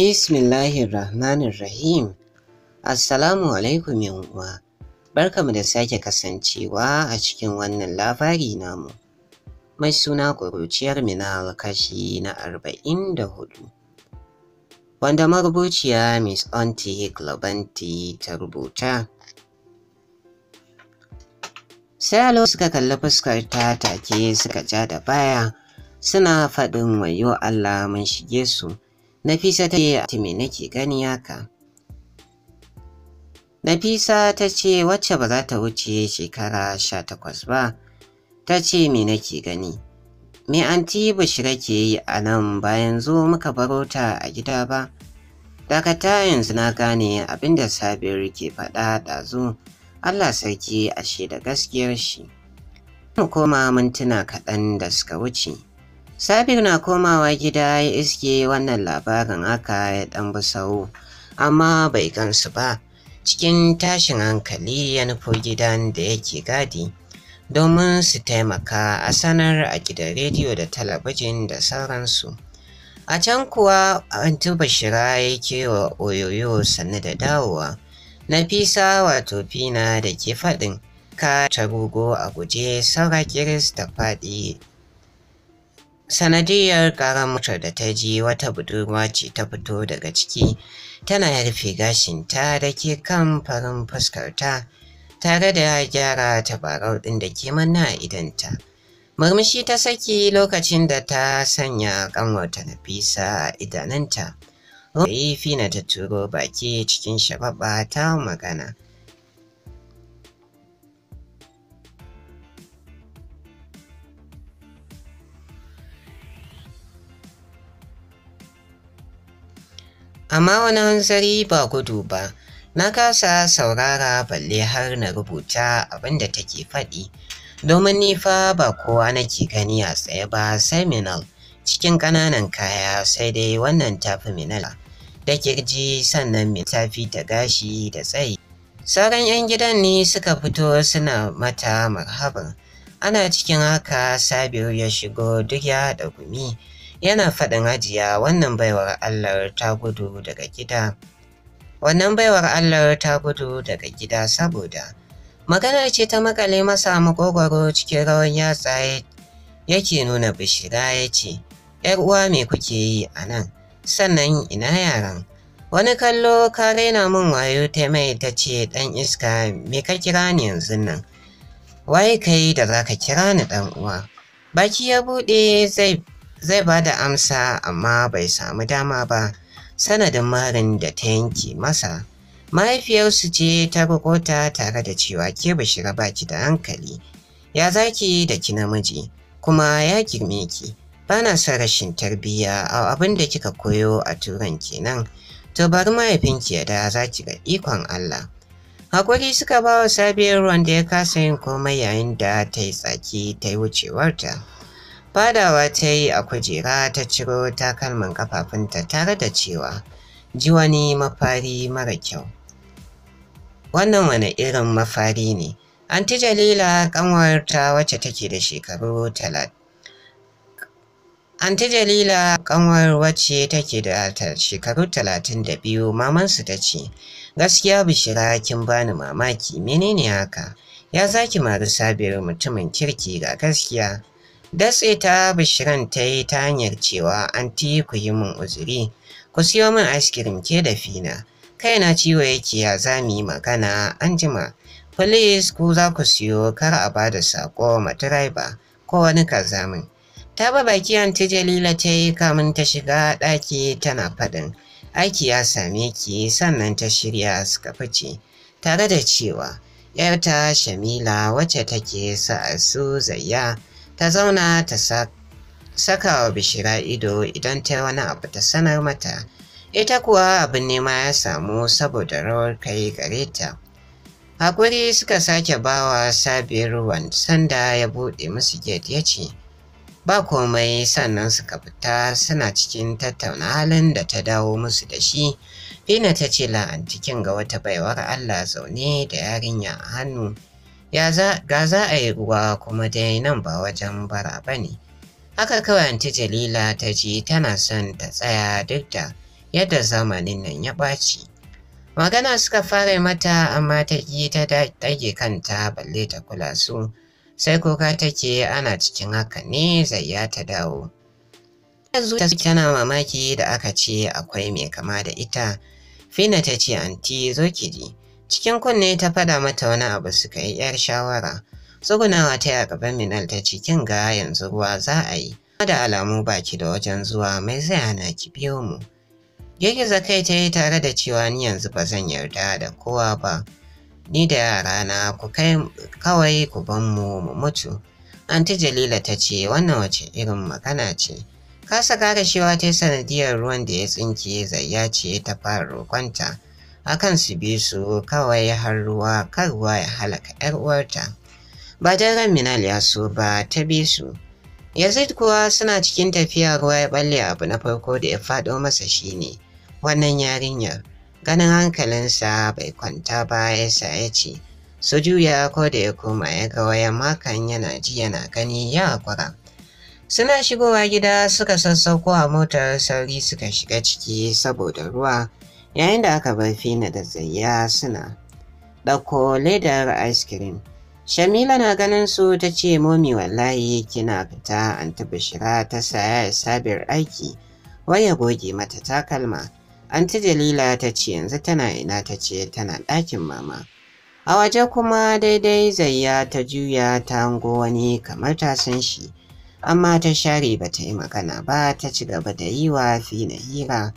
Rahim Assalamu alaikum uwa. Barkamu da sake kasancewa a cikin wannan labari namu. Mai suna kuruciyar Minal kashi na arba'in da hudu. Wanda marubuciya Miss Auntie Glabanti ta rubuta. Sai alo suka kalli fuskar ta take suka ja da baya suna faɗin wayo Allah mun shige su. Nafisa ta ce me nake gani haka. Nafisa ta ce wacce ba za ta wuce shekara sha takwas ba, ta ce me nake gani. Me anti bushira ke yi a nan bayan zo muka baro ta a gida ba? Dakata yanzu na gane abinda da Sabiru ke faɗa ɗazu, Allah sarki ashe da gaskiyar shi. Mu koma mintuna kaɗan da suka wuce. Sabir na komawa gida ya iske wannan labarin haka ya ɗan busau, amma bai gansu ba. Cikin tashin hankali ya nufo gidan da yake gadi, domin su taimaka a sanar a gidan rediyo da talabijin da sauransu. A can kuwa Antu Bashira ya ke wa oyoyo sannu da dawowa. Nafisa wato Fina da ke faɗin ka ta rugo a guje saura kiris ta faɗi sanadiyar ƙara motar da ta ji wata budurwa ce ta fito daga ciki tana rufe gashinta da ke kan farin fuskarta tare da gyara tabarau ɗin da ke manna a idanta murmushi ta saki lokacin da ta sanya ƙanwarta nafisa a idananta rufe fina ta turo baki cikin shababa ta magana amma wani hanzari ba gudu ba na kasa saurara balle har na rubuta abinda take faɗi domin ni fa ba kowa nake gani a tsaye ba seminal cikin ƙananan kaya sai dai wannan tafi minala da kirji sannan mai tafi ta gashi da tsayi sauran 'yan gidan ne suka fito suna mata marhaban ana cikin haka sabiru ya shigo duk ya da gumi yana faɗin hajiya wannan baiwar Allah ta gudu daga gida. Wannan baiwar Allah ta gudu daga gida saboda magana ce ta makale masa makogwaro cikin rawan yatsa yake nuna bishira ya ce, ‘yar uwa me kuke yi a nan, sannan ina yaran?’ Wani kallo ka raina min wayo ta mai ta ce ɗan iska me ka kira ni yanzu nan. Waye kai da za ka kira ni ɗan uwa. Baki ya buɗe zai zai ba da amsa amma bai samu dama ba sanadin marin da ta yanke masa mahaifiyarsu ce ta roƙo ta tare da cewa ke bashira baki da hankali ya zaki da ki namiji kuma ya girme ki ba na son rashin tarbiyya a abin da kika koyo a turan kenan to bari mahaifinki ya da za ki ga ikon Allah Hakuri suka ba wa sabiyar wanda ya kasa yin komai yayin da ta yi tsaki ta yi wucewarta. Fadawa ta yi a kujera ta ciro takalmin kafafunta tare da cewa ji wani mafari mara kyau. Wannan wani irin mafari ne, Anti Jalila kanwarta wacce take da shekaru talat. Anti Jalila ƙanwar wacce take da shekaru talatin da biyu mamansu ta ce, Gaskiya bishira kin bani mamaki menene haka, ya zaki mari sabiyar mutumin kirki ga gaskiya Datse ta bishiran ta yi ta hanyar cewa an ti ku yi min uzuri, ku siyo min ice cream ke da fina. kai na ciwo yake ya za mu yi magana an jima. Police ku za ku siyo kar a ba da saƙo ma driver ko wani kazamin. Ta ba baki ta Jalila ta yi kamun ta shiga ɗaki tana faɗin. Aiki ya same ki sannan ta shirya suka fice tare da cewa ‘yarta Shamila wacce take sa su zayya. ta zauna ta saka wa bishira ido idan ta yi wani abu ta sanar mata ita kuwa abin nema ya samu saboda rawar kai gare ta hakuri suka sake bawa Sabiru sanda ya buɗe musu gate ya ce ba komai sannan suka fita suna cikin tattauna halin da ta dawo musu da shi fina ta ce la'antikin ga wata baiwar allah zaune da yarinya a hannu ga za a yi ruwa kuma dai nan ba wajen bara ba ne. Haka kawai anti Jalila ta ji tana son ta tsaya duk da yadda zamanin nan ya ɓaci. Magana suka fara mata amma ta ƙi ta ɗage kanta balle ta kula su. Sai kuka take ana cikin haka ne ya ta dawo. Yanzu ta tana mamaki da aka ce akwai mai kama da ita. Fina ta ce anti zo ki ji. Cikin kunne ta faɗa mata wani abu suka yi ‘yar shawara. Tsugunawa ta yi a gaban Minal ta cikin ga yanzu ruwa za a yi. Da alamu baki da wajen zuwa mai zai hana ki biyo mu. Girgiza kai ta yi tare da cewa ni yanzu ba zan yarda da kowa ba. Ni da yara na ku kai kawai ku ban mu mu mutu. Anti Jalila ta ce wannan wace irin magana ce. Kasa kare shewa ta sanadiyar ruwan da ya tsinke zayya ce ta fara roƙonta. akan su bi su kawai har ruwa kar ruwa ya halaka 'yar uwarta. Ba don Minal ya so ba ta bi su. Yazid kuwa suna cikin tafiya ruwa ya balle abu na farko da ya faɗo masa shine wannan yarinyar. Ganin hankalinsa bai kwanta ba ya sa ya ce, su juya ko da ya koma ya ga wayan makan yana ji yana gani ya hakura. Suna shigowa gida suka sassauko a motar sauri suka shiga ciki saboda ruwa yayin da aka bar fina da Zayya suna ɗauko ledar ice cream shamila na ganin su ta ce momi wallahi kina fita an ta bishira ta saya ya sabir aiki wai goge mata takalma anti dalila ta ce yanzu tana ina ta ce tana ɗakin mama a waje kuma daidai zayya ta juya ta hango wani kamar ta san shi amma ta share ba ta yi magana ba ta ci gaba da yi wa fina hira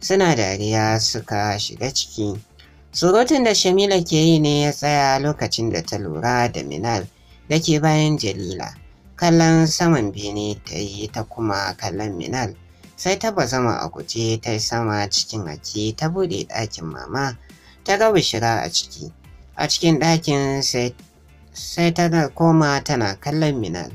suna dariya suka shiga ciki. Surutun da Shamila ke yi ne ya tsaya lokacin da ta lura da Minal da ke bayan Jalila. Kallon saman bene ta yi ta kuma kallon Minal sai ta bazama a guje ta sama cikin ake ta buɗe ɗakin mama ta ga bishira a ciki. A cikin ɗakin sai ta koma tana kallon Minal.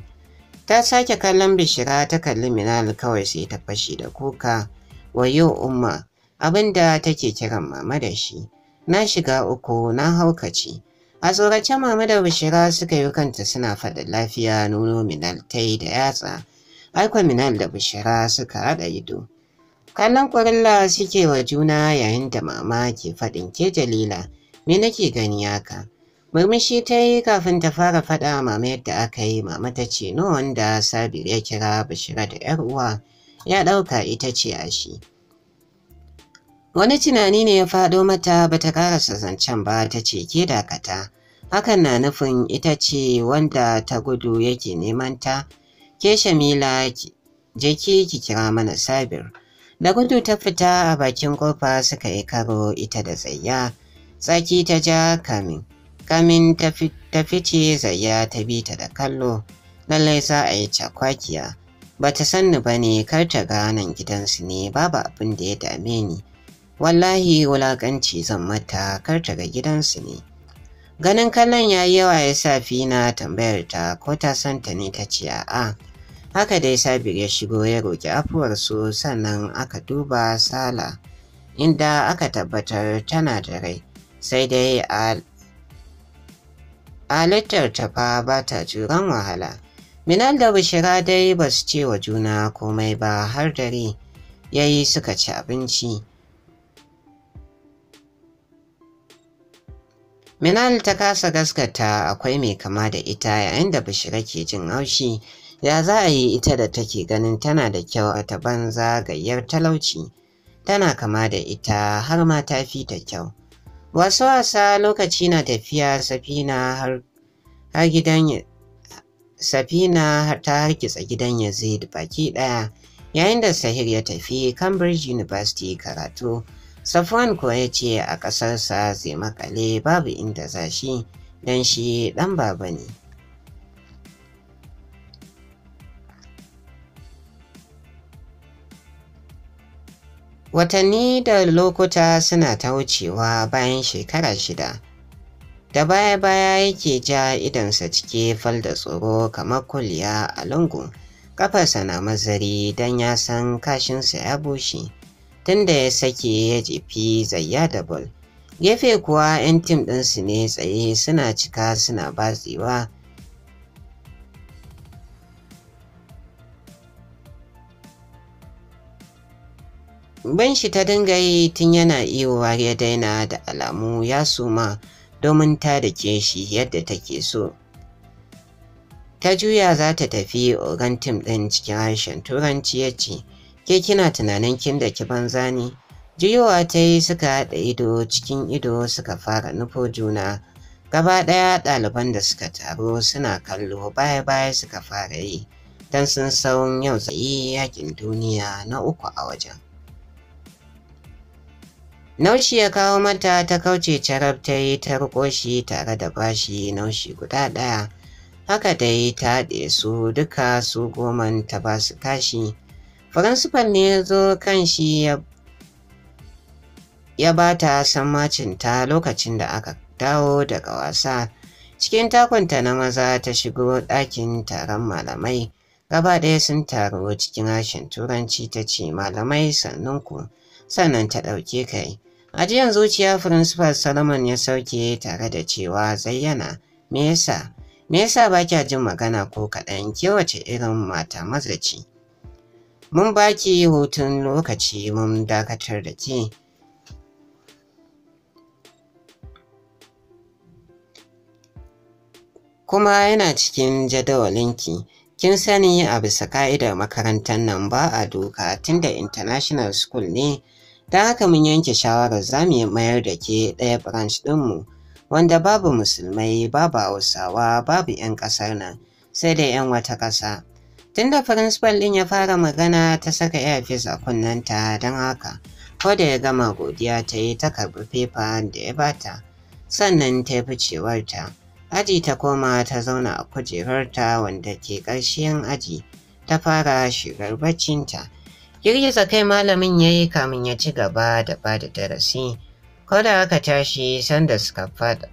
Ta sake kallon bishira ta kalli Minal kawai sai ta fashi da kuka. wayo umma abinda take kiran mama da shi na shiga uku na haukaci. a tsorace mama da bishira suka yi kanta suna faɗin lafiya nuno minal tai da yatsa aiko minal da bishira suka haɗa ido kallon kurilla suke wa juna yayin da mama ke faɗin ke jalila me nake gani haka murmushi ta yi kafin ta fara faɗa mama yadda aka yi mama ta ce no wanda sabir ya kira bishira da yar uwa ya ɗauka ita ce a shi. Wani tunani ne ya faɗo mata bata karasa zancen ba ta ce ke dakata. Hakan na nufin ita ce wanda ta gudu yake neman ta. Ke Shamila jiki ki kira mana Sabir. Da gudu ta fita a bakin kofa suka yi karo ita da Zayya. Tsaki ta ja kamin. Kamin ta fice Zayya ta bi ta da kallo. Lallai za a yi cakwakiya. Ba ta sanni ba ne kar ta ga nan gidansu ne babu abin da ya dame ni. Wallahi wulaƙanci zan mata kar ta ga gidansu ne. Ganin kallon ya yi yawa ya sa na tambayar ta ko ta san ta ne ta ce a'a. Haka dai Sabir ya shigo ya roƙi afuwarsu sannan aka duba sala inda aka tabbatar tana da rai sai dai a halittar ta fa ba ta juran wahala. Minal da Bishira dai ba su ce wa juna komai ba har dare ya yi suka ci abinci. Minal ta kasa gaskata akwai mai kama da ita yayin da Bishira ke jin haushi ya za a yi ita da take ganin tana da kyau a ta banza gayyar talauci tana kama da ita har ma ta fi ta kyau. Wasu wasa lokaci na tafiya safina har gidan Safina ta hargitsa gidan Yazid baki ɗaya yayin da Sahir ya tafi Cambridge University karatu. Safwan kuwa ya ce a ƙasarsa zai makale babu inda za shi don shi ɗan baba ne. Watanni da lokuta suna ta wucewa bayan shekara shida. da baya-baya yake ja idansa cike fal da tsoro kamar kuliya a lungu kafarsa na mazari don ya san kashinsa ya bushe tunda ya sake ya jefi zayya da bol gefe kuwa 'yan tim ɗinsu ne tsaye suna cika suna batsewa ban shi ta dinga yi tun yana iyo ya daina da alamu ya suma domin ta ke shi yadda take so. Ta juya za ta tafi ogan tim ɗin cikin harshen turanci ya ce, ke kina tunanin kin da ki banza ne? Juyowa ta yi suka haɗa ido cikin ido suka fara nufo juna. Gaba ɗaya ɗaliban da suka taru suna kallo baya-baya suka fara yi, don sun san yau zai yakin duniya na uku a wajen. Naushi ya kawo mata ta kauce carab ta yi ta tare da bashi naushi guda ɗaya. Haka dai ta haɗe su duka su goman ta ba su kashi. Firansifal ne ya zo kan shi ya, ba ta ta lokacin da aka dawo daga wasa. Cikin takunta na maza ta shigo ɗakin taron malamai. Gaba ɗaya sun taro cikin harshen Turanci ta ce malamai sannan ku. sannan ta ɗauke kai. a Ajiyan zuciya Firinsifal Solomon ya sauke tare da cewa zayyana me yasa me yasa ba kya jin magana ko kaɗan kewace irin mata mazaci. Mun baki hutun lokaci mun dakatar da ke. Kuma yana cikin jadawalinki. Kin sani a bisa ka'idar makarantar nan ba a doka da international school ne ta haka mun yanke shawarar za mu mayar da ke ɗaya branch ɗinmu wanda babu musulmai, babu hausawa, babu 'yan ƙasar nan, sai dai 'yan wata ƙasa. Tun da firinsifal ɗin ya fara magana ta saka airfis a kunnenta don haka, ko da ya gama godiya ta yi ta karɓi fefa da ya bata, sannan ta yi ficewarta. Aji ta koma ta zauna a kujerarta wanda ke ƙarshen aji, ta fara shigar baccinta. girgiza kai malamin ya yi kamin ya ci gaba da ba da darasi ko da aka tashi sanda suka fada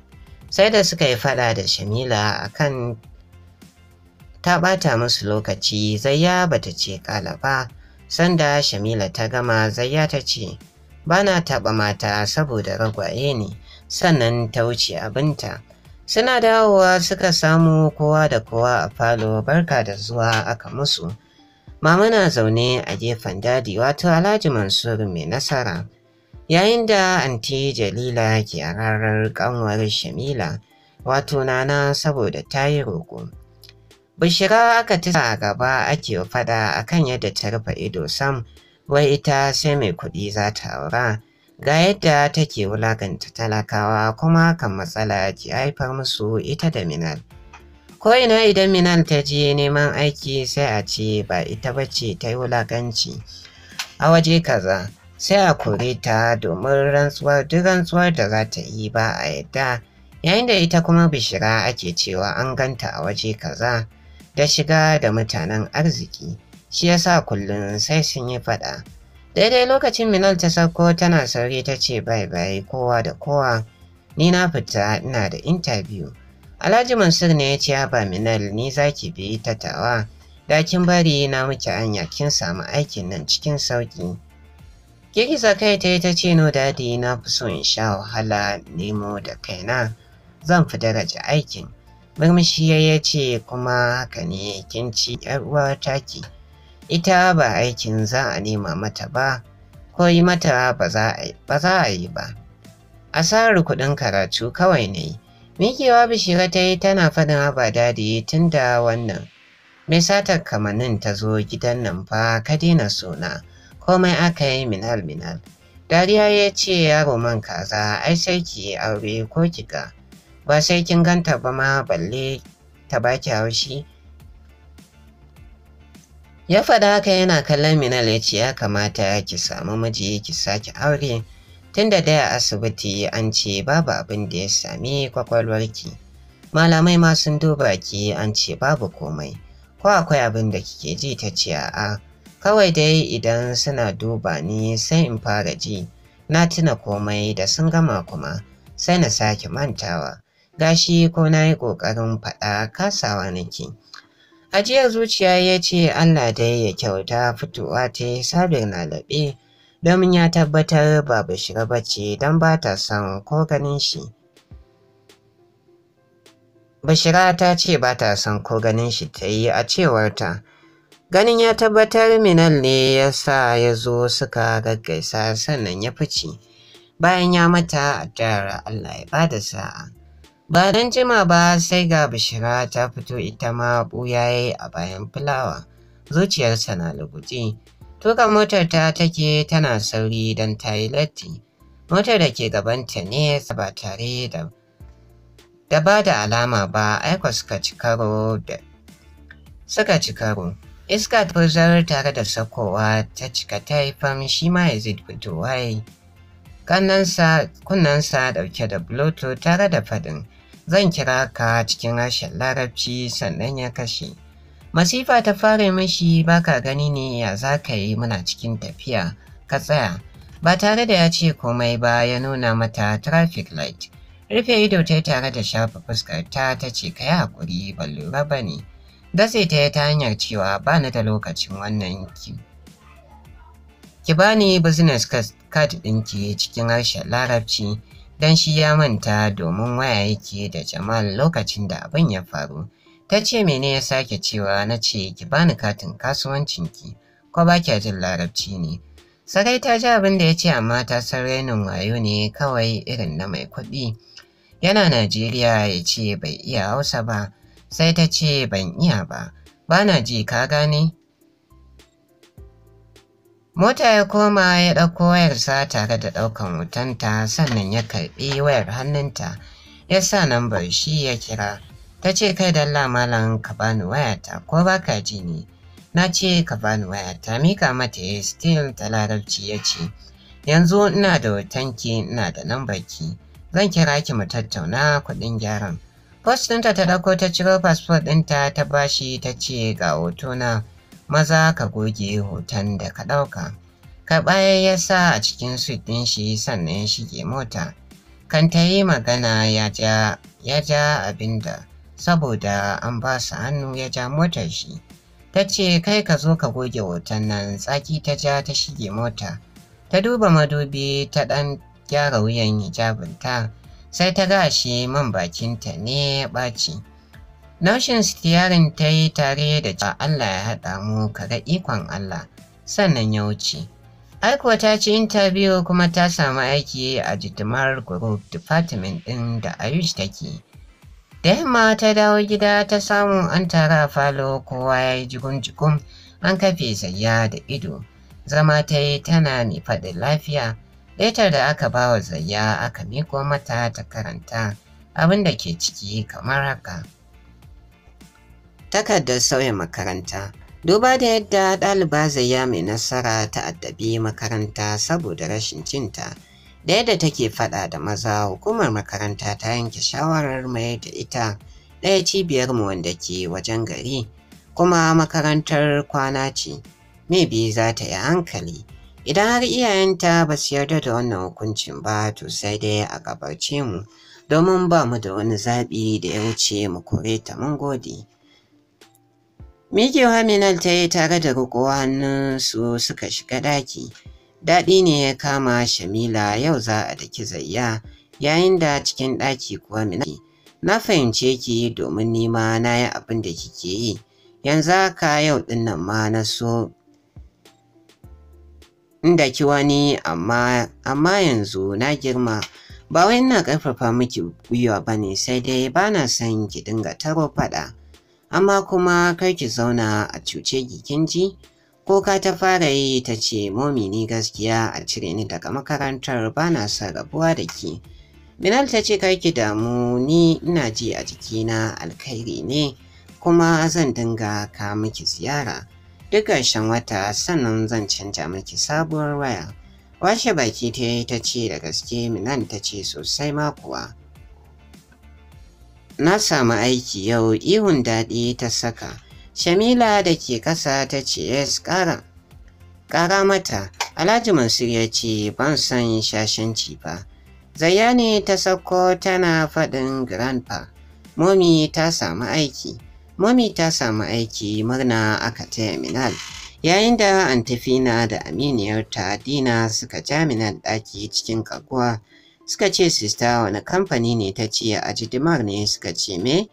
sai da suka yi fada da shamila akan ta bata musu lokaci zayya bata ce kala ba sanda shamila ta gama zayya ta ce ba na taɓa mata saboda ragwaye ne sannan ta wuce abinta suna dawowa suka samu kowa da kowa a falo barka da zuwa aka musu Mama na zaune a gefen dadi wato Alhaji Mansur mai nasara. Yayin da anti Jalila ke rarar kanwar Shamila wato nana saboda ta yi roƙo. Bishira aka tisa a gaba ake fada akan yadda ta rufe ido sam wai ita sai mai kuɗi za ta aura. Ga yadda take wulaganta talakawa kuma kan matsala ke haifar musu ita da Minal. Ko ina idan Minal ta je neman aiki sai a ce ba ita ba ce ta yi wulaƙanci a waje kaza sai a kore ta domin rantsuwar duk rantsuwar da za ta yi ba a yadda yayin da ita kuma bishira ake cewa an ganta a waje kaza da shiga da mutanen arziki shi ya sa kullum sai sun yi faɗa. Daidai lokacin Minal ta sauko tana sauri ta ce bai bai kowa da kowa ni na fita ina da intabiyu. Alhaji Mansur ne ya ce Minal ni zaki bi ta tawa. Da kin bari na muke anya kin samu aikin nan cikin sauki. Girgiza kai ta yi ta ce no dadi na fi so in sha wahala nemo da kaina zan fi daraja aikin. Murmushi ya ce kuma haka ne kin ci yar uwa taki. Ita ba aikin za a nema mata ba, ko yi mata ba za a yi ba. A Asarar kuɗin karatu kawai ne. Mikewa bishira ta yi tana faɗin da dadi tun da wannan. Me satar kamannin ta zo gidan nan fa ka daina suna, komai aka yi minal minal. Dariya ya ce yaro man kaza ai sai ki aure ko kika, ba sai kin ganta ba ma balle ta baki haushi. Ya faɗa haka yana kallon minal ya ce ya kamata ki samu miji ki sake aure. tunda da a asibiti an ce babu abin da ya sami kwakwalwarki malamai ma sun duba ki an ce babu komai ko akwai abin da kike ji ta ce A. kawai dai idan suna duba ni sai in fara ji na tuna komai da sun gama kuma sai na sake mantawa gashi ko na yi ƙoƙarin faɗa kasawa nake ajiyar zuciya ya ce allah dai ya kyauta fitowa ta sabir na laɓe domin ya tabbatar ba Bashira ba ce don ba ta son ko ganin shi. Bashira ta ce ba ta son ko ganin shi ta yi a cewarta. Ganin ya tabbatar Minal ne ya sa ya zo suka gaggaisa sannan ya fice. Bayan ya mata addu'ar Allah ya bada sa'a. Ba don jima ba sai ga Bishira ta fito ita ma ɓuya a bayan fulawa. Zuciyarsa na luguji. Tuka motar ta take tana sauri don ta yi latti. Motar da ke gabanta ne ba tare da da ba da alama ba aiko suka ci karo da suka ci karo. Iska turzar tare da sakowa ta cika ta yi shi ma ya Yazid fitowa yi. Kunnansa dauke da Bluetooth tare da faɗin zan kira ka cikin harshen larabci sannan ya kashe. Masifa ta fara mashi baka gani ne ya za ka yi muna cikin tafiya, ka tsaya. Ba tare da ya ce komai ba ya nuna mata traffic light. Rufe ido ta yi tare da shafa fuskar ta ta ce ka yi haƙuri ban lura ba ne. Datse ta yi ta hanyar cewa ba ni da lokacin wannan ki. Ki ba ni business card ɗinki cikin harshen larabci don shi ya manta domin waya yake da Jamal lokacin da abin ya faru. Ta ce mene ya sake cewa na ce ki bani katin kasuwancinki ko ba kya jin larabci ne. Sarai ta ji abin da ya ce amma ta san rainin wayo ne kawai irin na mai kuɗi. Yana Najeriya ya ce bai iya Hausa ba, sai ta ce ban iya ba, ba na ji ka gane? Mota ya koma ya ɗauko wayarsa tare da ɗaukan wutanta sannan ya karɓi wayar hannunta ya sa nambar shi ya kira. ta ce kai dalla malam ka bani wayata ko baka ji ni? na ce ka bani wayata mika mata ya eh, still ta larabci ya ce yanzu ina da hotonki ina da baki. zan kira ki mu tattauna kuɗin gyaran post ɗinta ta ɗauko ta ciro fasfot ɗinta ta bashi ta ce ga hotona maza ka goge hoton da ka ɗauka karɓa ya sa a cikin suit din shi sannan ya shige mota kan ta yi magana ya ja abin da saboda an ba su hannu ya ja motar shi. Ta ce kai ka zo ka goge hoton nan tsaki ta ja ta shige mota. Ta duba madubi ta ɗan gyara wuyan hijabinta sai ta gashi man bakinta ne ya ɓaci. Naushin stiyarin ta yi tare da cewa Allah ya haɗa mu ka ga ikon Allah sannan ya wuce. Aiko ta ci interview kuma ta samu aiki a jitimar group department ɗin da Ayush take. da yamma ta dawo gida ta samu an tara a falo kowa ya yi jigun-jigun an kafe zayya da ido zama ta yi tana mai faɗin lafiya letar da aka ba wa zayya aka miko mata ta karanta abin da ke ciki kamar haka takardar sauya makaranta duba da yadda ɗaliba zayya mai nasara ta addabi makaranta saboda rashin cinta. da yadda take faɗa da maza hukumar makaranta ta yanke shawarar mai da ita ɗaya cibiyar mu wanda ke wajen gari kuma makarantar kwana ce maybe za ta yi hankali idan har iyayenta ba su yarda da wannan hukuncin ba to sai dai a gabace mu domin ba mu da wani zaɓi da ya wuce mu kore ta mun gode Miki Haminal ta yi tare da riƙo hannun su suka shiga ɗaki. Daɗi ne ya kama Shamila yau za a daki zayya yayin da cikin ɗaki kuwa minaki. Na fahimce ki domin nima na yi abin da kike yi, yanzu haka yau ɗin nan ma na so inda ki wani amma amma yanzu na girma ba wai ina ƙarfafa miki gwiwa ba ne sai dai ba na son ki dinga taro faɗa amma kuma kar ki zauna a cuce gikin ji Ko ka ta fara yi ta ce momi ni gaskiya a cire ni daga makarantar ba na son rabuwa da ke. Minal ta ce kai damu ni ina ji a jikina alkhairi ne kuma zan dinga ka miki ziyara. Duk ƙarshen wata sannan zan canja miki sabuwar waya. Washe baki ta yi ta ce da gaske Minal ta ce sosai ma kuwa. Na samu aiki yau ihun daɗi ta saka. Shamila da ke ƙasa ta ce yes ƙara. Ƙara mata, Alhaji Mansur ya ce ban san shashanci ba. Zayani ta sauko tana faɗin grandpa. Momi ta samu aiki. Momi ta samu aiki murna aka terminal. Yayin da Antifina da aminiyarta Dina suka ja minal ɗaki cikin kaguwa, suka ce sista wani kamfani ne ta ce a jidimar ne suka ce me?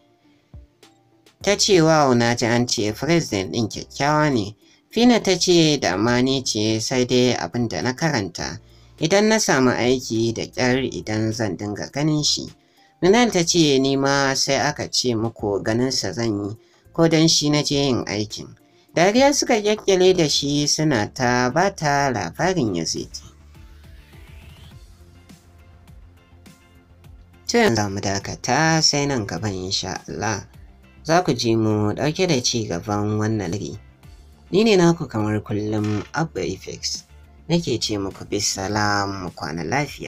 ta ce wa na ji an ce president ɗin kyakkyawa ne. Fina ta ce da amani ce sai dai abin da na karanta. Idan na samu aiki da ƙyar idan zan dinga ganin shi. Minal ta ce ni ma sai aka ce muku ganinsa zan yi ko don shi na je yin aikin. Dariya suka kyakkyale da shi suna ta ba ta labarin ya zai za mu dakata sai nan gaban insha Allah. za ku ji mu ɗauke da ci gaban wannan lari. Ni ne naku kamar kullum Abba Effects nake ce muku bisalam kwana lafiya.